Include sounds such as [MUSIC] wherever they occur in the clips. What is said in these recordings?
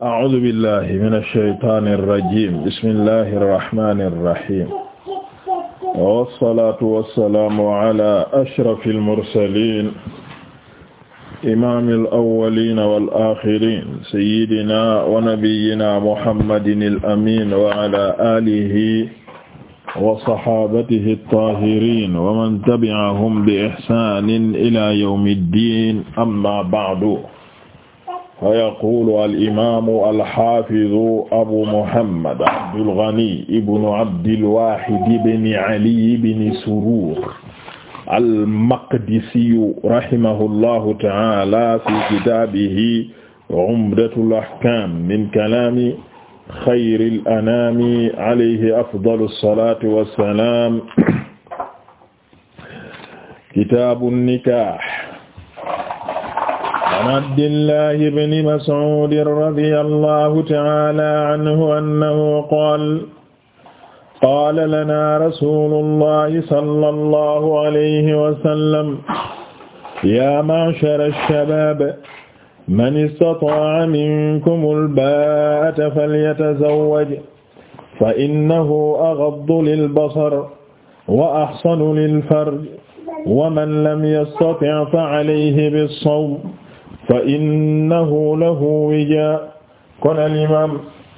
a'uuzu billahi mina shaytaani rajiim bismillahi rahmaani rahiim. wasalaatu wasalaamu ala ashrafil mursaliin imaamil awwaliina wal aaxiriin sayyidinaa wa nabiyyinaa muhammadinil amiin wa ala aalihi wa saxaabatihi taahiriin wa man tabi'ahum bi ihsaanin ilaa yawmid diin amma ba'du. فيقول الإمام الحافظ أبو محمد عبد الغني بن عبد الواحد بن علي بن سرور المقدسي رحمه الله تعالى في كتابه عمدة الأحكام من كلام خير الأنام عليه أفضل الصلاة والسلام كتاب النكاح an abdillahi bni mas'uudin radiya allahu ta'aala anhu annahu qaala qaala lanaa rasuulullahi sallallahu alayhi wa sallam yaa ma'shara shabaab man istataa'a minkumul baa'ata falyatazawwaj fa innahu aghaddu lilbasar wa ahsanu lilfarj wa man lam yastati' fa alayhi bis-sawm fa innahu lahu wija kon alimam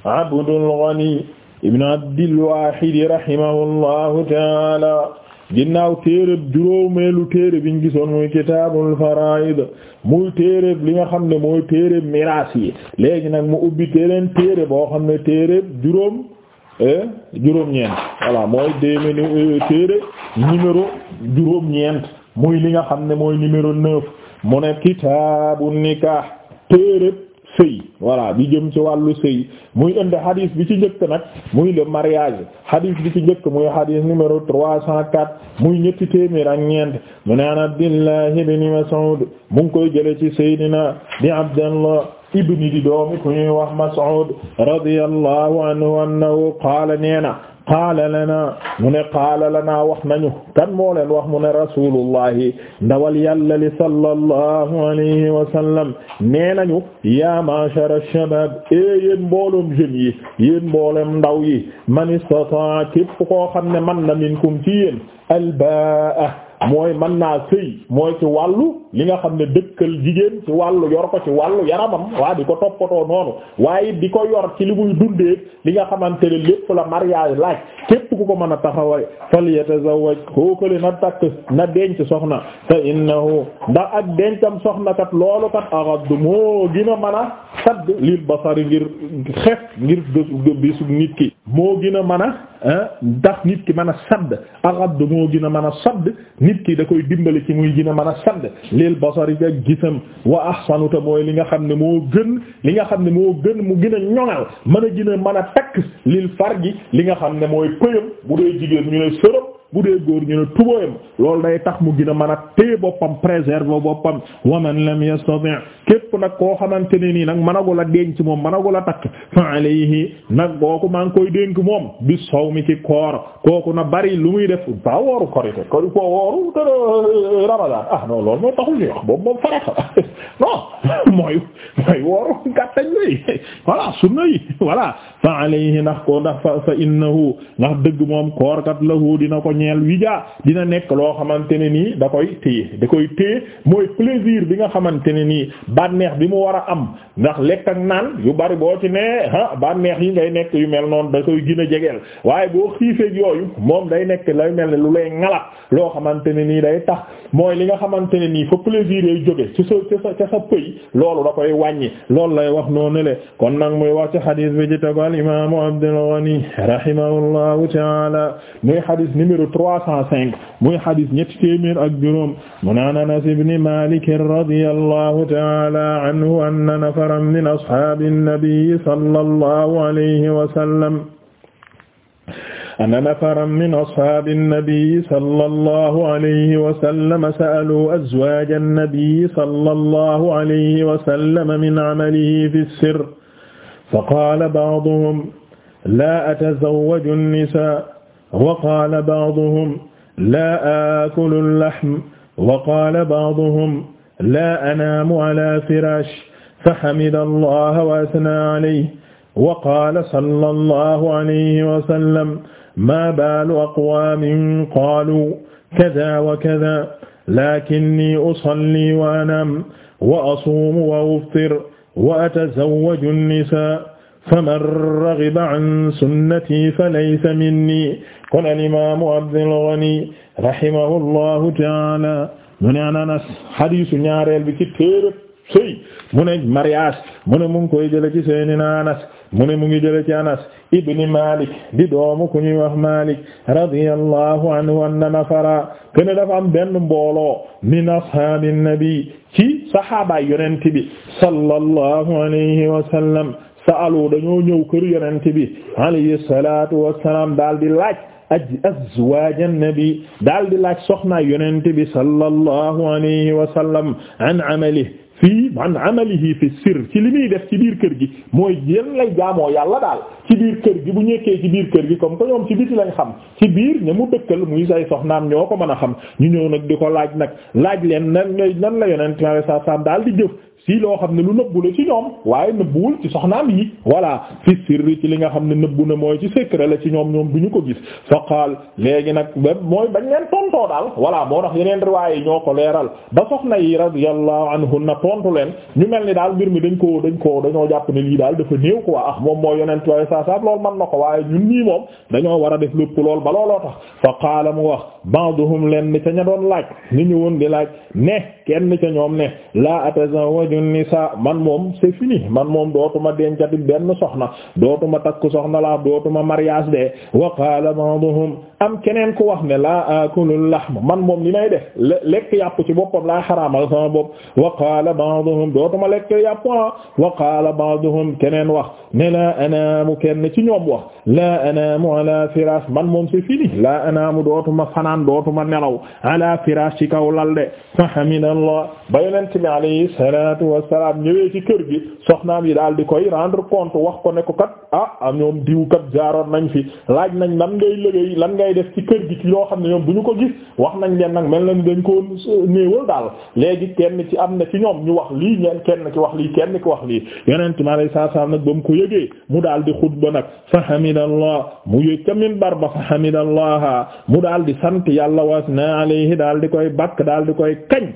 Abdul Ghani ibn Abdil Wahid rahimahullahu taala ginnaaw téeréb juróomeelu téere biñ gisoon muy kitaabul faraid muy téeréb li nga xam ne mooy téeréb miraas yi léegi nag mu ubbi téereen téere boo xam ne téeréb juróom eh, juróom-ñeent voilà mooy déemé euh, téere numéro juróom-ñeent muy li nga xam ne mooy numéro neuf mu ne kitaabu nikah téeréb sëy voilà bi jëm ci wàllu sëy muy indi hadith bi ci njëkk nag muy le mariage hadith bi ci njëkk muy hadith numéro trois cent quatre muy ñetti téeméer ak ñeent mu ne an Abdullah ibn Mas'ud mu koy jële ci Seydina di Abdallah ibni di doomi ku ñuy wax Mas'ud radiyallahu anhu annahu qaala neena qaala lana mu ne qaala lana wax nañu kan moo leen wax mu ne rasulullahi ndawal yàlla li sallallahu alayhi wa sallam nee nañu ya ma'shar ash-shabab e yéen mbooloom jeunes yi yéen mbooloom ndaw yi man istata'a képp koo xam ne man na minkum ci yéen albaa mooy man naa sëy mooy ci wàllu li nga xam ne dëkkal jigéen ci wàllu yor ko ci wàllu yaramam waa di ko toppatoo noonu waaye di ko yor ci li muy dundee li nga xamante ne lépp la mariage laaj képp ku ko mën a taxawal fal yatazawwaj kookale na takk na denc soxna fa innahu ndax ak dencam soxna kat loolu kat aghaddu moo gën a mën a sadd lil basari ngir xef ngir bés bisu nit ki moo gën a mën a ndax nit ki mën a sadd arad moo gën a mën a sadd nit ki da koy dimbali ci muy gën a mën a sadd lil basari ak gisam wa ahsanuta mooy li nga xam ne moo gën li nga xam ne moo gën mu gën a ñoŋal mën a gën a mën a takk lil farji li nga xam ne mooy pëyam bu dee jigéen ñu ne sërëm bu dee góor ñu ne tubóoyam loolu day tax mu gën a mën a téye boppam préserver boppam waman lam yastati képp nag koo xamante ne nii nag mënagul a denc moom mënagul a takk fa alayhi nag kooku maa ngi koy dénk moom bi soow mi ci koor kooku na bari lu muy def ba wooru korite kori ko wooru te ramadan ah non loolu moo taxul ñu wax boobu moom farata [LAUGHS] non [LAUGHS] mooy mooy wooru gàttañ lay voilà sunna yi voilà fa alayhi ndax ko ndax fa fa innahu ndax dëgg moom kat koorkat lahu dina ko ñeel wija dina nekk loo xamante ne nii da koy téye da koy téye mooy plaisir bi nga xamante ne nii bànneex bi mu war a am ndax lekk ak yu bari boo ci ne bànneex yi ngay nekk yu mel noonu da koy gën a jegeel waaye boo xiifeeg moom day nekk lay mel ne lu lay ŋalaat loo xamante ne nii day tax mooy li nga xamante ne nii fa plaisir yay jóge ci sa ca sa ca sa pëy loolu da koy wàññi loolu lay wax noonu le kon nag mooy wax ci hadith bi al imaamu Abdul Ghani rahimahullahu ta'ala muy xadis numéro trois cent cinq muy xadis ñetti téeméer ak juróom mu naan Anas ibn Malik radiyallahu ta'ala anhu anna nafaran min ashaabin nabi sallallahu alayhi wa sallam anna nafaran min ashaabi nabi sallallahu alayhi wa sallam sa'aluu azwaaja nabi sallallahu alayhi wa sallam min amalihi fi sirr fa qaala ba'duhum laa atazawwaju an-nisaa wa qaala ba'duhum laa aakulu al-lahm wa qaala ba'duhum laa anaamu alaa firaash fa hamida allaha wa asnaa alayhi wa qaala sallallahu alayhi wa sallam maa baalu aqwaamin qaaluu kadaa wa kadaa laakinnii usallii wa anaam wa asuumu wa uftir wa atazawwaju nisaa faman ragiba an sunnati falaysa minni kon alimaamu Abdul Ghani rahimahullahu taala mu ne an Anas hadiisu ñaareel bi ci téereb sëy mu ne mariage mu ne mu ngi koy jële ci Seydina Anas mu ne mu ngi jële ci Anas ibni Malik di doomu ku ñuy wax Malik radiyallahu anhu anna nafara ken dafa am benn mbooloo min ashaabi nabi saxaabaay yonent bi sallallahu alayhi wa sallam sa'alu dañoo ñëw kër yonent bi alayhi salatu wassalam daal di laaj aj azwaaj an-nabi daal di laaj soxna yonent bi sallallahu alayhi wa sallam an amalihi fii man amalihi fi sir ci li muy def ci biir kër gi mooy yenn lay jaamoo yàlla daal ci biir kër gi bu ñekkee ci biir kër gi comme que ñoom ci biti lay xam ci biir ña mu dëkkal muy say soxnaam ñoo ko mën a xam ñu ñëw nag di ko laaj nag laaj leen nan nan la yonent sallallahu alayhi daal di jëf si loo xam ne lu nëbbu la ci ñoom waaye nëbbuwul ci soxnaam yi voilà fi sirri ci li nga xam ne nëbbu na mooy ci secret la ci ñoom ñoom bu ñu ko gis faqaal léegi nag mooy bañ leen tontoo daal voilà moo tax yeneen riwaay yi ñoo ko leeral ba soxna yi radiyallahu anhunna tontu leen ñu mel ni daal mbir mi dañ ko dañ ko dañoo jàpp ne lii daal dafa néew quoi ah moom moo yonent waaye saa saa loolu man na ko waaye ñun nii moom dañoo war a def lépp lool ba looloo tax faqaala mu wax ba'duhum leen ni ca ña doon laaj ni ñu woon di laaj ne kenn ca azwaju nisa man moom c'est fini man moom dootuma dencati benn soxna dootuma takk soxna laa dootuma mariage de wa qaala ba'duhum am keneen ku wax ne laa akulu lahm man moom li may def lekk yàpp ci boppam laa xaraamal sama bopp wa qaala ba'duhum dootuma lekk yàpp ah. wa qaala ba'duhum kenen wax ne laa anaamu kenn ci ñoom wax laa anaamu ala firaas man moom c'est fini laa anaamu dootuma fanaan dootuma nelaw ala firaas ci kaw de fa hamidallah ba yonent bi salaat alayhi wassalaam ñëwee ci kër gi soxnaam yi daal di koy rendre compte wax ko ne ko kat ah, ah ñoom diw kat jaaroon nañ fi laaj nañ lan ngay liggéey lan ngay def ci kër gi ci yoo xam ne ñoom bu ñu ko gis wax nañ leen nag mel na ni dañ ko néewal daal léegi kenn ci am na ci ñoom ñu wax lii ñeen kenn ci wax lii kenn ki wax lii yonent mi alayhi salaam nag ba mu ko yëgee mu daal di xutba nag fa hamidallah mu yëg ca minbar ba fa hamidallah mu daal di sant yàlla wasna alayhi daal di koy bakk daal di koy kañ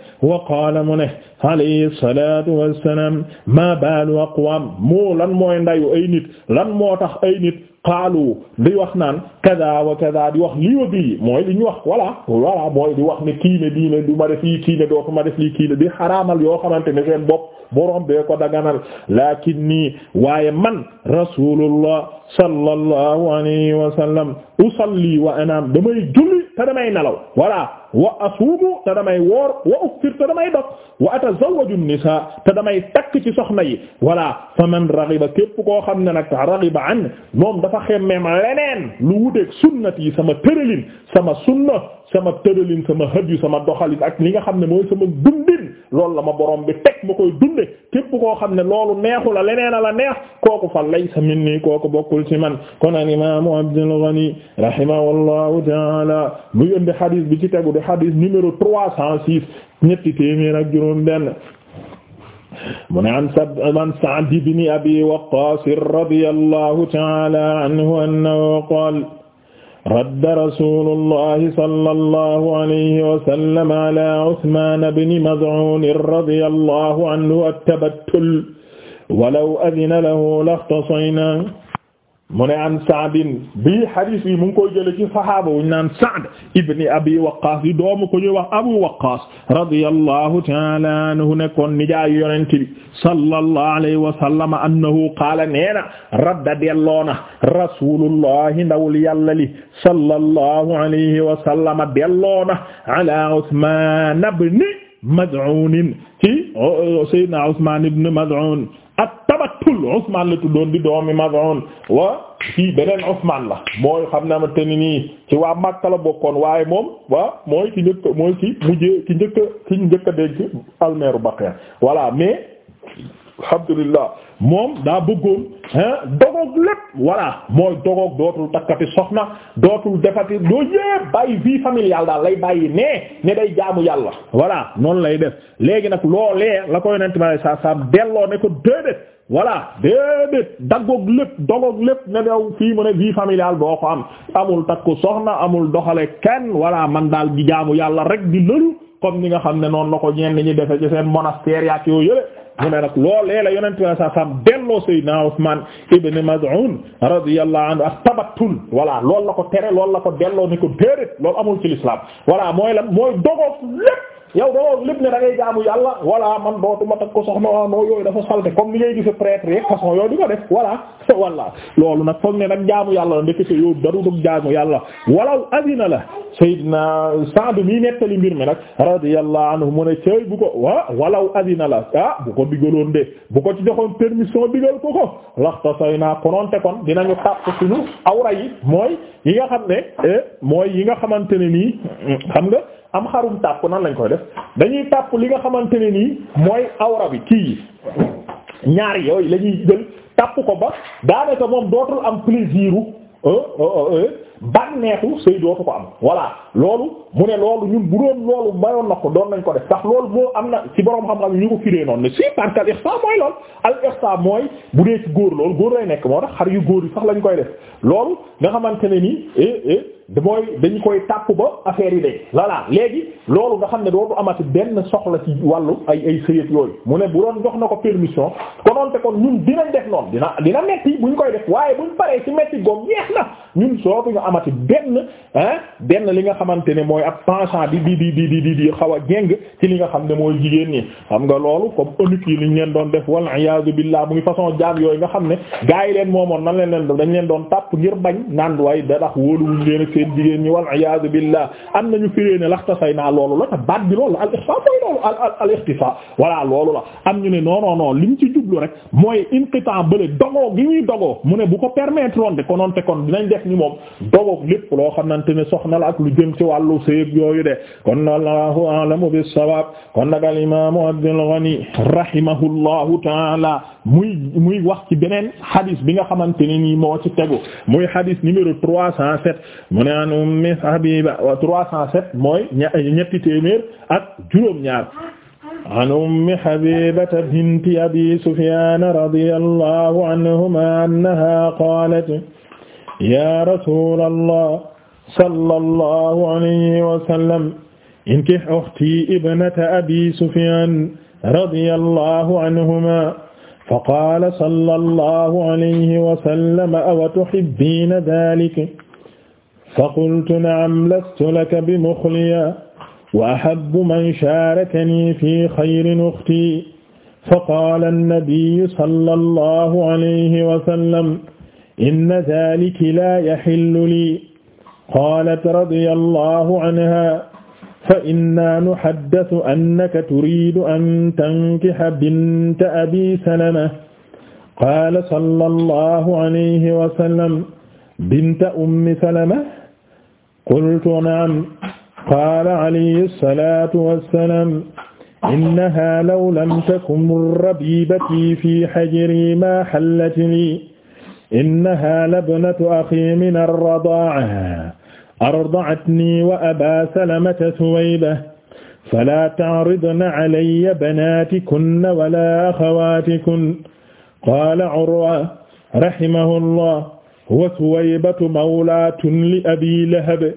salaatu wassalaam ma baalu aqwaam moo lan mooy ndayu ay nit lan moo tax ay nit qaalu di wax naan kada wa kada di wax lii wa bii mooy li ñu wax voilà voilà mooy di wax ne kii ne diine du ma def lii kii ne doo ma def lii kii ne di xaraamal yoo xamante ne seen bopp borom bee ko daganal laakin nii waaye man rasulullah sallallahu alayhi wa sallam usalli wa anaam damay julli te damay nelaw voilà wa asuumu te damay woor wa uftir te damay dog wa atazawwaju nisaa te damay takk ci soxna yi voilà faman raghiba képp koo xam ne nag raghiba an moom dafa dafa xemmeem leneen lu wuteeg sunnat yi sama tëralin sama sunna sama tëralin sama hëdyu sama doxalin ak li nga xam ne mooy sama dundin loolu la ma borom bi teg ma koy dunde képp koo xam ne loolu neexu la leneen a la neex kooku fa laysa minni kooku bokkul ci man kon al imaamu Abdul Ghani rahimahullahu taala mu indi hadith bi ci tegu di hadith numéro trois cent six ñetti téeméer ak juróom benn mu ne an sad an Sa'd ibn Abi Waqqas radiyallahu ta'ala anhu annahu qaala radda rasuulullahi sallallahu alayhi wa sallam ala Usmaan ibn Maz'uun radiyallahu anhu at-tabattul wa law adhina lahu lakhtasaynaa mu ne an Sa'din bii hadis yi mu ngi koy jële ci sahaaba wuñ naan Sa'd ibni abi waqaas yi doomu ko ñuy wax abu waqaas radiyallahu ta'ala anhu nekkoon nijaayu yonent bi sallallahu alayhi wa sallam annahu qaala neena radda delloona rasulullahi ndawul yàlla li sallallahu alayhi wa sallam delloona ala Usmaan ibn Mad'un ci oh, oh, Sayyidina Usmaan ibn Mad'un ak tabattul Usman la tuddoon di doomi Maz'un wa fii beneen Usman la mooy xam na ma te nii ci waa Makka la bokkoon waaye moom wa mooy ci njëkk mooy ci mujjee ci njëkk ci njëkk denc almeeru Baqiya voilà mais alhamdulillah moom daa bëggoon ah dogoog lépp voilà mooy dogoog dootul takkati soxna dootul defati loolu yépp bàyyi vie familiale daal lay bàyyi nee ne day jaamu yàlla voilà noonu lay def léegi nag loole la ko yonent ma saa saam delloo ne ko déedéet voilà déedéet daggoog lépp dogoog lépp ne dew fii mu ne vie familiale boo ko am amul takku soxna amul doxale kenn walaa man daal di jaamu yàlla rek di lëlu comme ni nga xam ne noonu la ko ñenn ñi defe ci seen monastère yaak yoo mu ne nag loolee la yonent bi saa saam delloo Seydina Usmaan ibn Maz'un radiyallahu anhu ak tabattul voilà loolu la ko tere loolu la ko delloo ni ko déedéet loolu amul ci l'islam voilà mooy lan mooy dogoof lépp yow doo lépp ne da ngay jaamu yàlla voilà man dootuma takk ko soxna waa noo yooyu dafa salte comme ni ngay gise prêtre yeeg façon yooyu di ko def voilà [LAUGHS] voilà loolu nag foog ne nag jaamu yàlla la ndekete yow daru dug jaamu yàlla walaw na la sayyidina Sa'd mi nettali mbir mi nag radiyallahu anhu mu ne cëy bu ko wa walaw adina la ah, bu ko digaloon de bu ko ci joxoon permission digal ko ko laxta say naa kononte kon dinañu tàpp suñu awra yi mooy nga xam ne eh, mooy yi nga xamante ne nii am xarum tàpp nan lañ koy def dañuy tàpp li nga xamante ne nii mooy awra bi kii yi ñaari yooyu lañuy ñuy jël tàpp ko ba daanaka moom dootul am plaisir euh, euh, euh, bànneexu sëy dootu ko am voilà loolu mu ne loolu ñun bu doon loolu mayoon na ko doon nañ ko def tax loolu moo am na ci boroom xam-xam yi ñu ko firee noonu ne si parce que mooy lool al ihsa mooy bu dee ci góor loolu góor lay nekk moo tax xar yu góor yi tax lañ koy def loolu nga xamante ne nii eh, eh, mooy dañu koy tàpp ba affaire yi day voilà léegi loolu nga xam ne dootu amati benn soxla ci wàllu ay ay sëyët yooyu mu ne bu doon jox na ko permission konoonte kon ñun dinañ def noonu dina dina metti buñ koy def waaye buñ paree ci metti goom yeex na ñun soo ñu amati benn ah benn li nga xamante ne mooy ab penchant bi di di di di di di xaw a jéng ci li nga xam ne mooy jigéen ñi xam nga loolu comme eunuque yi liñ leen doon def wal iyaazu billah muy façon jaam yooyu nga xam ne gaa yi leen moomoon nan leen leen dañ leen doon tàpp ngir bañ naan waaye da seen jigéen ñi wal iyaadu am ne laxtasay naa la te baat bi loolu la al ixsa fay loolu ne non non li mu ci jublu rek mooy inqitan bële dogoo gi ñuy dogoo mu ne bu ko permettre woon de konoon te kon dinañ def ni moom dogoog lépp loo xamante ne soxna la ak lu jëm ci wàllu séeb yooyu de kon allahu a'lamu bis-sawaab kon nag al imaamu Abdul Ghani ta'ala muy muy wax ci beneen xadis bi nga xamante ne nii moo ci tegu muy xadis numéro trois cent sept mu ne an ummi habiba wa trois cent sept mooy ñetti téeméer ak juróom-ñaar an ummi habibata binti abi sufyan radiyallahu anhuma annaha qalat ya rasulallah sallallahu alayhi wa sallam inkih ukhti ibnata abi sufyan radiyallahu anhuma faqaala sallallahu alayhi wa sallam awa tuhibbiina dhaalika faqultu na'am lastu laka bimukhliya wa ahabbu man shaarakanii fii khayrin ukhtii faqaala an-nabiyyu sallallahu alayhi wa sallam inna dhaalika laa yahillu lii qaalat radiyallahu anhaa fa inna nuhaddathu annaka turidu an tankiha binta abi salama qaala sallallahu alayhi wa sallam binta ummi salama qultu na'am qaala alayhi salatu wassalam innaha law lam takun rabibati fi hajri ma hallat li innaha labnatu akhi min ar-radaa'a ardatni wa aba salamata suwayba fala ta'ridna alayya banatikunna wala akhawatikunna qala urwa rahimahullah wa suwaybatu mawlatun li abi lahab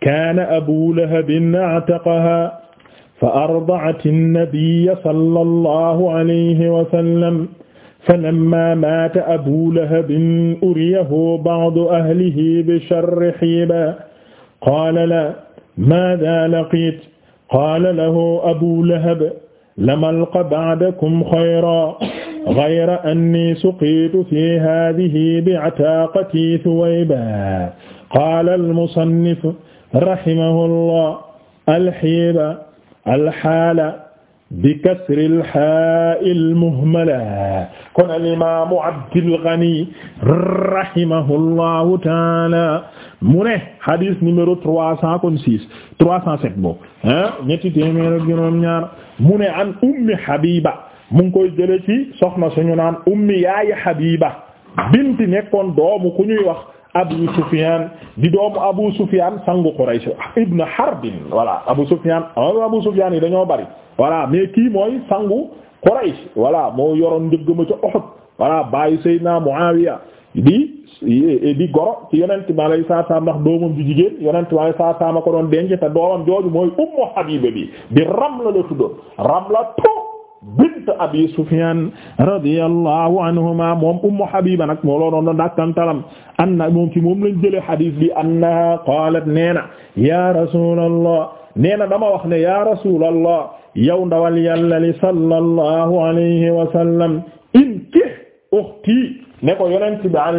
kaana abu lahabin a'taqaha fa arda'at an-nabiyya sallallahu alayhi wa sallam falamma maata abu lahabin uriyahu ba'du ahlihi bi sharri hiba qaala la maada laqiit qaala lahu abu lahab lam alqa ba'dakum xayra gayra anni suqiitu fi haadihi bi'ataaqati thuwayba qaala al-musannif rahimahu llah alxiiba alxaala bi kasril haa'il muhmala kon al imaamu Abdul Ghani rahimahullahu taala mu ne hadis numéro trois cent kon six trois cent sept boobu ah ñetti téeméer ak juróom-ñaar mu ne an ummi Habiba mu ngi koy jëlee ci soxna suñu naan ummi yaayi Habiba binti nekkoon doomu ku ñuy wax. Abu Sufyan di doomu Abu Sufyan sangu Quraysh ibn Harb voilà Abu Sufyan ah, Abu Sufyan yi dañoo bari voilà mais kii mooy sangu Quraysh voilà moo yoroon njëggma ca Uhud voilà baayu Seydina Muawiya di goro ci yonent bi alayhi salaam ndax doomam ju jigéen yonent bi alayhi salaam ko doon denc te doomam jooju mooy Ummu Habiba bi di Ramla la tuddoon Ramla to bint abi sufyan radiyallahu anhuma moom habiba nag moo dakkantalam anna moom ci moom lañ jëlee hadith bi annaha qalat neena ya rasulallah neena dama wax ne ya rasulallah yow ndawal yàlla li sallallahu alayhi wa sallam inki ukhti ne ko dencal ah,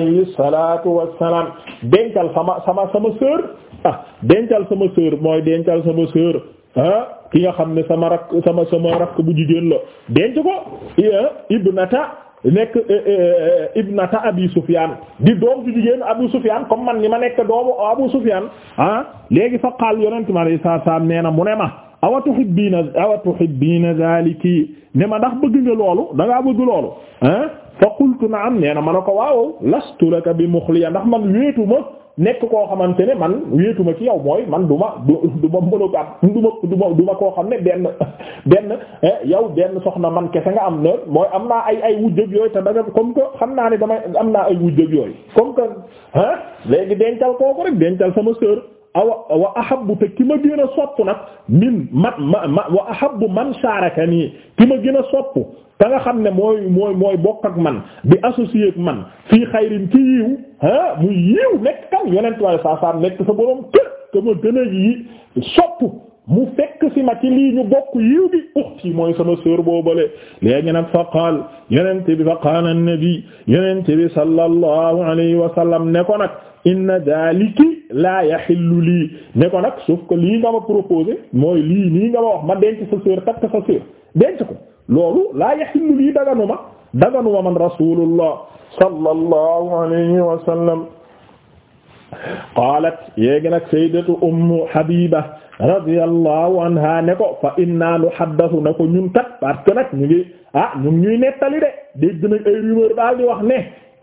mooy dencal sama sœur ah ki nga xam ne sama rak sama sama rak bu jigéen la denc ko eh, ibnata nekk eh, eh, ibnata abi sufyan di doom bu jigéen abu sufyan comme man ni ma nekk doomu abu sufyan ah léegi fa qaal yonent mi alayhi salaatu salaam nee na mu ne ma awa tuhibbiina awa tuhibbiina zaaliki ne ma ndax bëgg nga loolu da ngaa bëgg loolu ah fa qultu na nee na ma ne ko waaw lastu laka bi mukhliya ndax man wéetu ma nekk koo xamante ne man wéetuma ci yow mooy man du ma du du ma monogame du ma du ma du ma koo xam ne benn [LAUGHS] benn eh, yow benn soxna man kese nga am na mooy am naa ay ay wujjëg yooyu te danga comme que xam naa ne damay am naa ay wujjëg yooyu comme que ah léegi dencal kooku rek dencal sama sœur awa wa ahabbu te ki ma gën a sopp nag min ma ma wa ahabbu man sharakani ki ma gën a sopp ka nga xam ne mooy mooy mooy bokk ak man di associé ak man fii xayrin ci yiiw ah mu yiiw nekk kan yonent waaye saa saa nekk sa boroom kër ka ma gën a yi sopp mu fekk si ma ci lii ñu bokk yiw bi uxti mooy sama sœur boobale léegi nag fa qaal yonent bi fa qaala an-nabi yonent bi sallallahu alayhi wa sallam ne ko nag inna daaliki laa yaxillu lii ne ko nag sauf lii nga ma proposé mooy lii nii nga ma wax ma denc sa sœur takk sa sœur denc ko loolu laa yaxillu lii daganuma daganuma man rasulullah sallallahu alayhi wa sallam qaalat yéegi nag sayyidatu ummu habiba radiyallahu anha ne ko fa inna ko ñun kat parce que nag ñu ngi ah, ñuy nettali de dégg nañ ay rumeur daal wax ne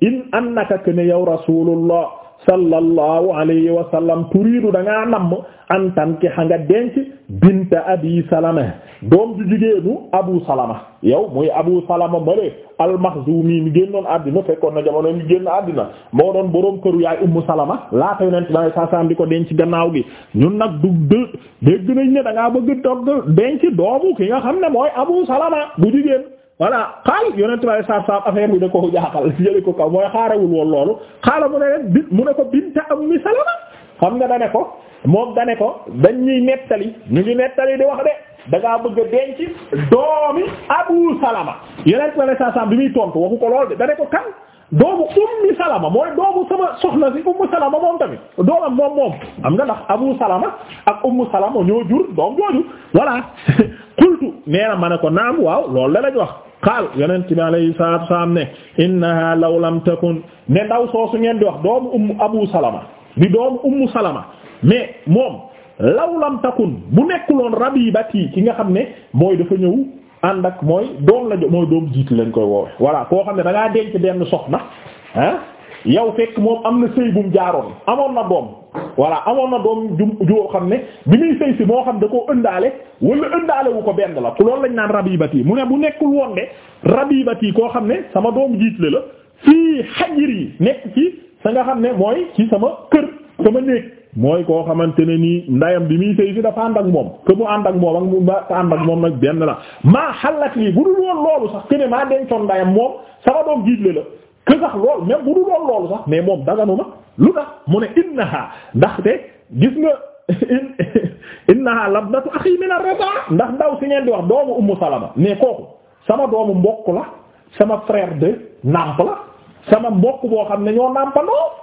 in annaka kana rasulullah sallallahu alayhi wa sallam turiidu danga ngaa namm an tankiha nga denc binta abi salama doom ju jigéenu abu salama yow muy abu salama male al-Makhzumi mi génnoon àddina fekkoon na jamono mi génn àddina moo doon boroom këru yaay ummu salama laata yonent bi sallallahu alayhi di ko denc gannaaw gi ñun nag du dë dégg nañ ne da ngaa bëgg dog denc doomu ki nga xam ne mooy abu salama bu jigéen voilà xaal yonentu Yàlla saa saa affaire bi da ko jaaxal [LAUGHS] jëli ko kaw mooy xaarawul woon loolu xaala mu ne leen mu ne ko binta Ummi Salama xam nga dane ko moom dane ko dañ ñuy nettali ñu ngi nettali di wax de da ngaa bëgg a denc doomi Abu Salama yonentu Yàlla saa saa bi muy tonk waxu ko lool de dane ko kan doomu ummi salama mooy doomu sama soxna si ummu salama moom tamit doomam moom moom am nga ndax abu salama ak ummu salama ñoo jur doom jooju voilà [LAUGHS] qultu nee na ma ne ko naam waaw lool la lañ wax xaal yonent bi alayhi salaatu salaam ne innaha law lam takun ne ndaw soosu ngeen di wax doomu ummu abu salama di doomu ummu salama mais moom law lam takun bu nekkuloon rabibati ki nga xam ne mooy dafa ñëw ànd ak mooy doom la mooy doom jiitu lañ koy woowe voilà koo xam ne da ngaa denc benn soxna ah yow fekk moom am na sëy bum jaaroon amoon na doom voilà amoon na doom ju joo xam ne bi muy sëy si moo xam da koo ëndaale wala ëndaale wu ko benn la ku loolu lañ naan rabibati mu ne bu nekkul woon de rabibati koo xam ne sama doom jiitle la fii xajir yi nekk ci sa nga xam ne mooy ci sama kër sama néeg mooy koo xamante ne nii ndayam bi muy sëy si dafa ànd ak moom que mu ànd ak moom ak mu ba ànd ak moom nag benn la maa xalaat lii bu dul woon loolu sax que maa dencoon ndayam moom sama doom jiitle la que sax loolu bu dul loolu sax mais moom daganu ma lu tax mu ne ndax ndaxte gis nga [LAUGHS] innaha labnatu akhi min ar ndax ndaw si ngeen di wax doomu ummu salama mais kooku sama doomu mbokk la sama frère de nàmp la sama mbokk boo xam ne ñoo nàmpandoo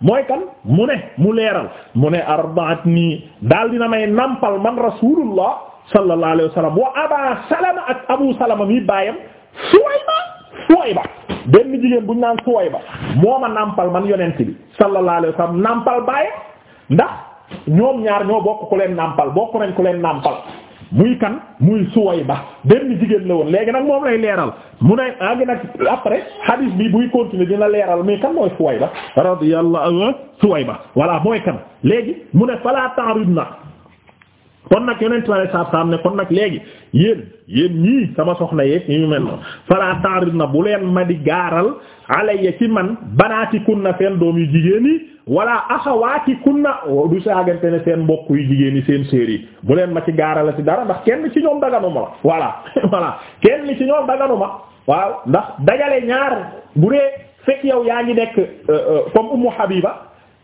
mooy kan mu ne mu leeral mu ne arbaat nii daal dina may nàmpal man rasulullah sallallahu alayhi wa sallam wa aba salama ak abu salama mi baayam suwayba suwayba benn jigéen buñ naan ba moo ma nàmpal man yonent bi sallallahu alayhi wa sallam baayam ndax ñoom ñaar ñoo bokk ku leen nampal bokk nañ ku leen nàmpal muy kan muy ba benn jigéen la woon léegi nag moom lay leeral mu ne àgg nag après hadis bi buy continuer dina leeral muy kan mooy Suwayba radiyallahu anha ba voilà mooy kan léegi mu ne fala na kon nag yonent bi saa saam ne kon nag léegi yéen yéen ñii sama soxna yeeg ñu mel noonu fala ta'rid na bu leen ma di gaaral alayya ci man banaati kunna seen doom yu jigéen yi wala axawaati kunna du saagante ne seen mbokk yu jigéen yi seen séer yi bu leen ma ci gaaral si dara ndax kenn ci ñoom daganuma la voilà [LAUGHS] voilà kenn ci ñoom daganuma waaw ndax dajale ñaar bu dee fekk yow yaa ngi nekk euh, euh, comme Ummu Habiba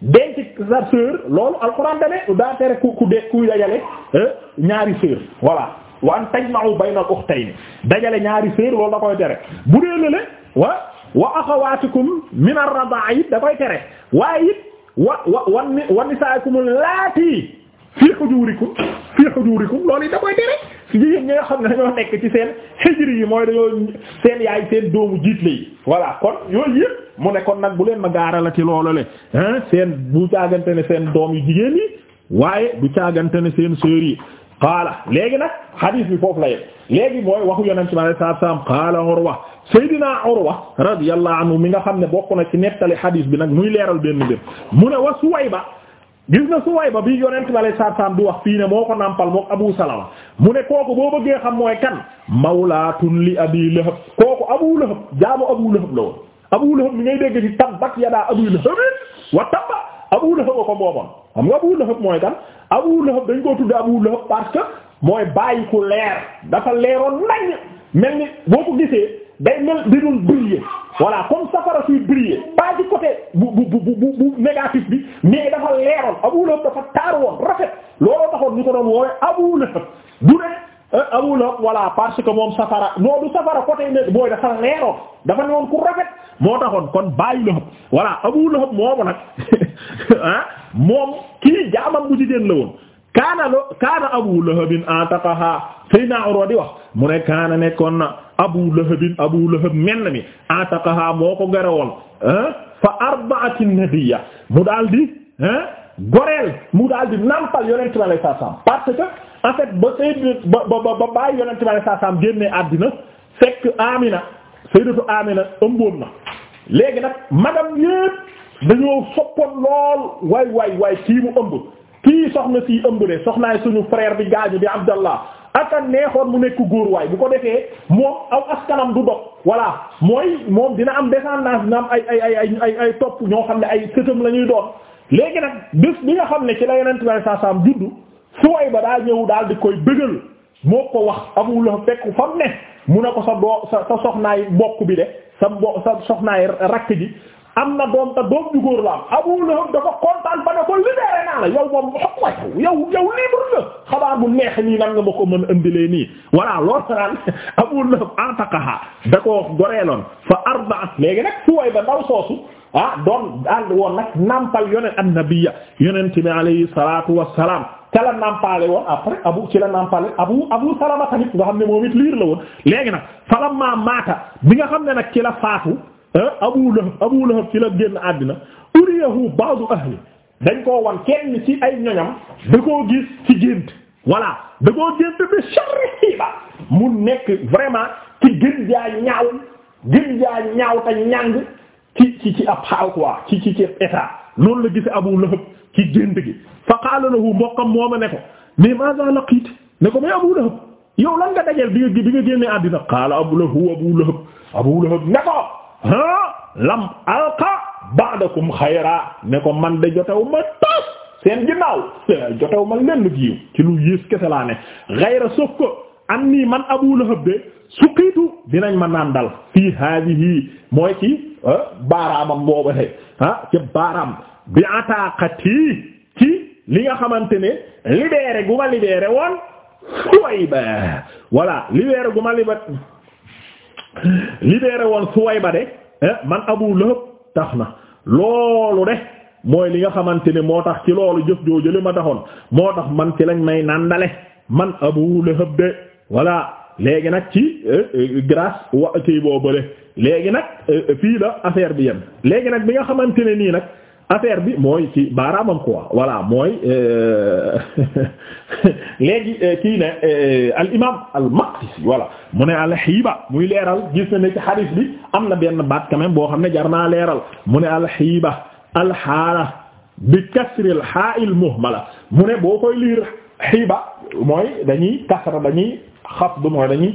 denc sa sœur loolu alxuraan dane daa tere ku de ku dajale eh, ñaari sœur voilà wa an tajma'u bayna al-ukhtayni dajale ñaari sœur loolu da tere bu dee lële wa wa axawaatikum min ar-radaa'i it da tere waaye it wa wa wan wan laati fii hujuurikum fii hujuurikum loolu it da tere si jigéen ñi nga xam ne dañoo nekk ci seen xijri yi mooy dañoo seen yaay seen doomu jiitle yi voilà kon yooyu yëpp mu ne kon nag bu leen ma gaarala ci loolu le hein seen bu caagante ne seen doom yu jigéen yi waaye du caagante ne seen sœurs yi qaala léegi nag hadith bi foofu la yem léegi mooy waxu yonent bi alayhi salaatu salaam qaala Urwa Seydina Urwa radiyallahu anhu mi nga xam ne bokk na ci nettali hadith bi nag muy leeral benn mbir mu ne wa ba gis na Suwayba bi yonent bale sarsam du wax fii ne moo ko nàmpal moom Abu Salama mu ne kooku boo bëggee xam mooy kan mawlaatun li Abi Lahab kooku Abu Lahab jaamu Abu Lahab la woon Abu Lahab mi ngay dégg ci tabbat yadaa Abi Lahab wa tabba Abu Lahab a ko booboon xam nga Abu Lahab mooy kan Abu Lahab dañ ko tudde Abu Lahab parce que mooy bàyyi ku leer dafa leeroon nañ mel ni boo ko gisee day mel di doon briller voilà comme safara suy briller pas du côté bu bu bu bu négatif bi mais dafa leeroon Abu Lahab dafa taar woon rafet looloo taxoon ñu ko doon woowe Abu Lahab du ne euh, Abu Lahab parce que moom safara non du safara côté ne booy dafa leeroon dafa ne woon ku rafet moo taxoon kon bàyyi Lahab voilà Abu Lahab moomu nag [LAUGHS] ah moom kii jaamam bu jigéen la woon kaana lo kaana abu lahabin antaqaha sayna Urwa di wax mu ne kaana nekkoon na abu lahabin abu lahab menn mi antaqaha moo ko gere fa arba'ati nabiyya mu daal di goreel mu daal di nampal yonent bi alayhi parce que en fait ba sayyid ba ba ba bàyyi yonent bi génne àddina fekk Amina sayyidatu Amina ëmboon na léegi nag magam yépp dañoo soppoon lool waay waay waay kii mu ëmb kii soxna si ëmb de soxnaay suñu frère bi gaañu bi Abdallah aka neexoon mu nekk góor waay bu ko defee moom aw askanam du dox voilà mooy moom dina am descendance dina ay ay ay topp ñoo xam ne ay sëtam la ñuy doon léegi nag bés bi nga xam ne ci la yonent bi saa saam juddu suway ba daa ñëw daal di koy bëggal moo ko wax amul la fekk fam ne mu ne ko sa doo sa soxnaay mbokk bi de sa mbo sa soxnaay rakk ji am na doom ta doom ju góor la am Abu Lahab dafa kontaan ba ne ko libéré naa la yow moom xokma yow yow yow libre la xabaar bu neex nii nan nga ma ko mën indilee nii voilà loolu tanaan [LAUGHS] Abu Lahab antaqaha da goreeloon fa arbaat léegi nag suway ba ndaw soosu ah doon ànd woon nag nampal yoneen annabiya yonent bi alayhi salatu wassalam ca la nampale woon après abu ci la nampale abu abu salama tamit nga xam ne moom it liir la woon léegi nag bi nga xam ne nag ci la faatu Abu Lahab Abu Lahab ci la génn àddina uriyahu ba'du ahli dañ koo wan kenn ci ay ñoñam da koo gis ci gént voilà da koo gént bi sharri ba mu nekk vraiment ci gën jaa ñaaw gën jaa ñaaw te ñàng ci ci ci ab xaal quoi ci ci ci état loolu la gise Abu Lahab ci gént gi fa qaala lahu mbokkam mooma ne ko mais maza laqit ne ko mais Abu Lahab yow lan nga dajeel bi nga bi nga génnee àddina qaala Abu Lahab Abu Lahab Abu Lahab ne ko lam alqa ba'dakum xayra ne ko man de jotew ma tas seen ginnaaw jotew lenn giiw ci lu yées kese laa ne xayra sauf ko am nii man Abu Lahab suqiitu dinañ ma naan dal fii haadihi mooy ci ah, baaraamam boobu de ah ci baaraam bi ataqati ci li nga xamante ne libéré gu ma libéré woon Suwayba voilà libéré gu ma libéré libéré woon Suwayba de eh, man Abu Lahab tax na loolu de mooy li nga xamante ne moo tax ci loolu jëf jooju li ma taxoon moo tax man ci lañ may nandale man Abu Lahab de voilà léegi nag ci eh, eh, grâce wa kii boo bële léegi nag fii la affaire bi yem léegi nag bi nga xamante ne nii nag. affaire bi mooy ci baaraamam quoi voilà mooy euh, [LAUGHS] léegi euh, kii ne euh, al imam mu ne al xiiba muy leeral gis na ne ci hadith bi am na benn baat quand boo xam ne jar naa leeral mu ne al xiiba al bi kasri al xaa il mu ne boo koy liir xiiba mooy dañuy kasra dañuy xafdu mooy dañuy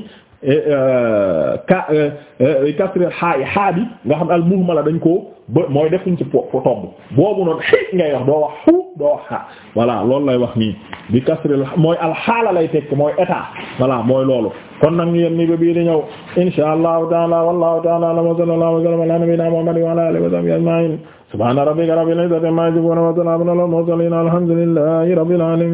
Eh, euh, ka euh, euh, kasri xaa xaabi nga xam al muhmala dañ ko ba mooy defuñ ci po tomb boobu noonu xii ngay wax doo wax xuu doo wax xaa voilà loolu lay wax nii bi kasri mooy alxaala lay tekk mooy état voilà mooy loolu kon nag ñu yem ni ba bii di ñëw insha allahu taala wallahu taala alam wa sallallahu wa sallam ala nabina muhammadin wa ala alihi wa sahbihi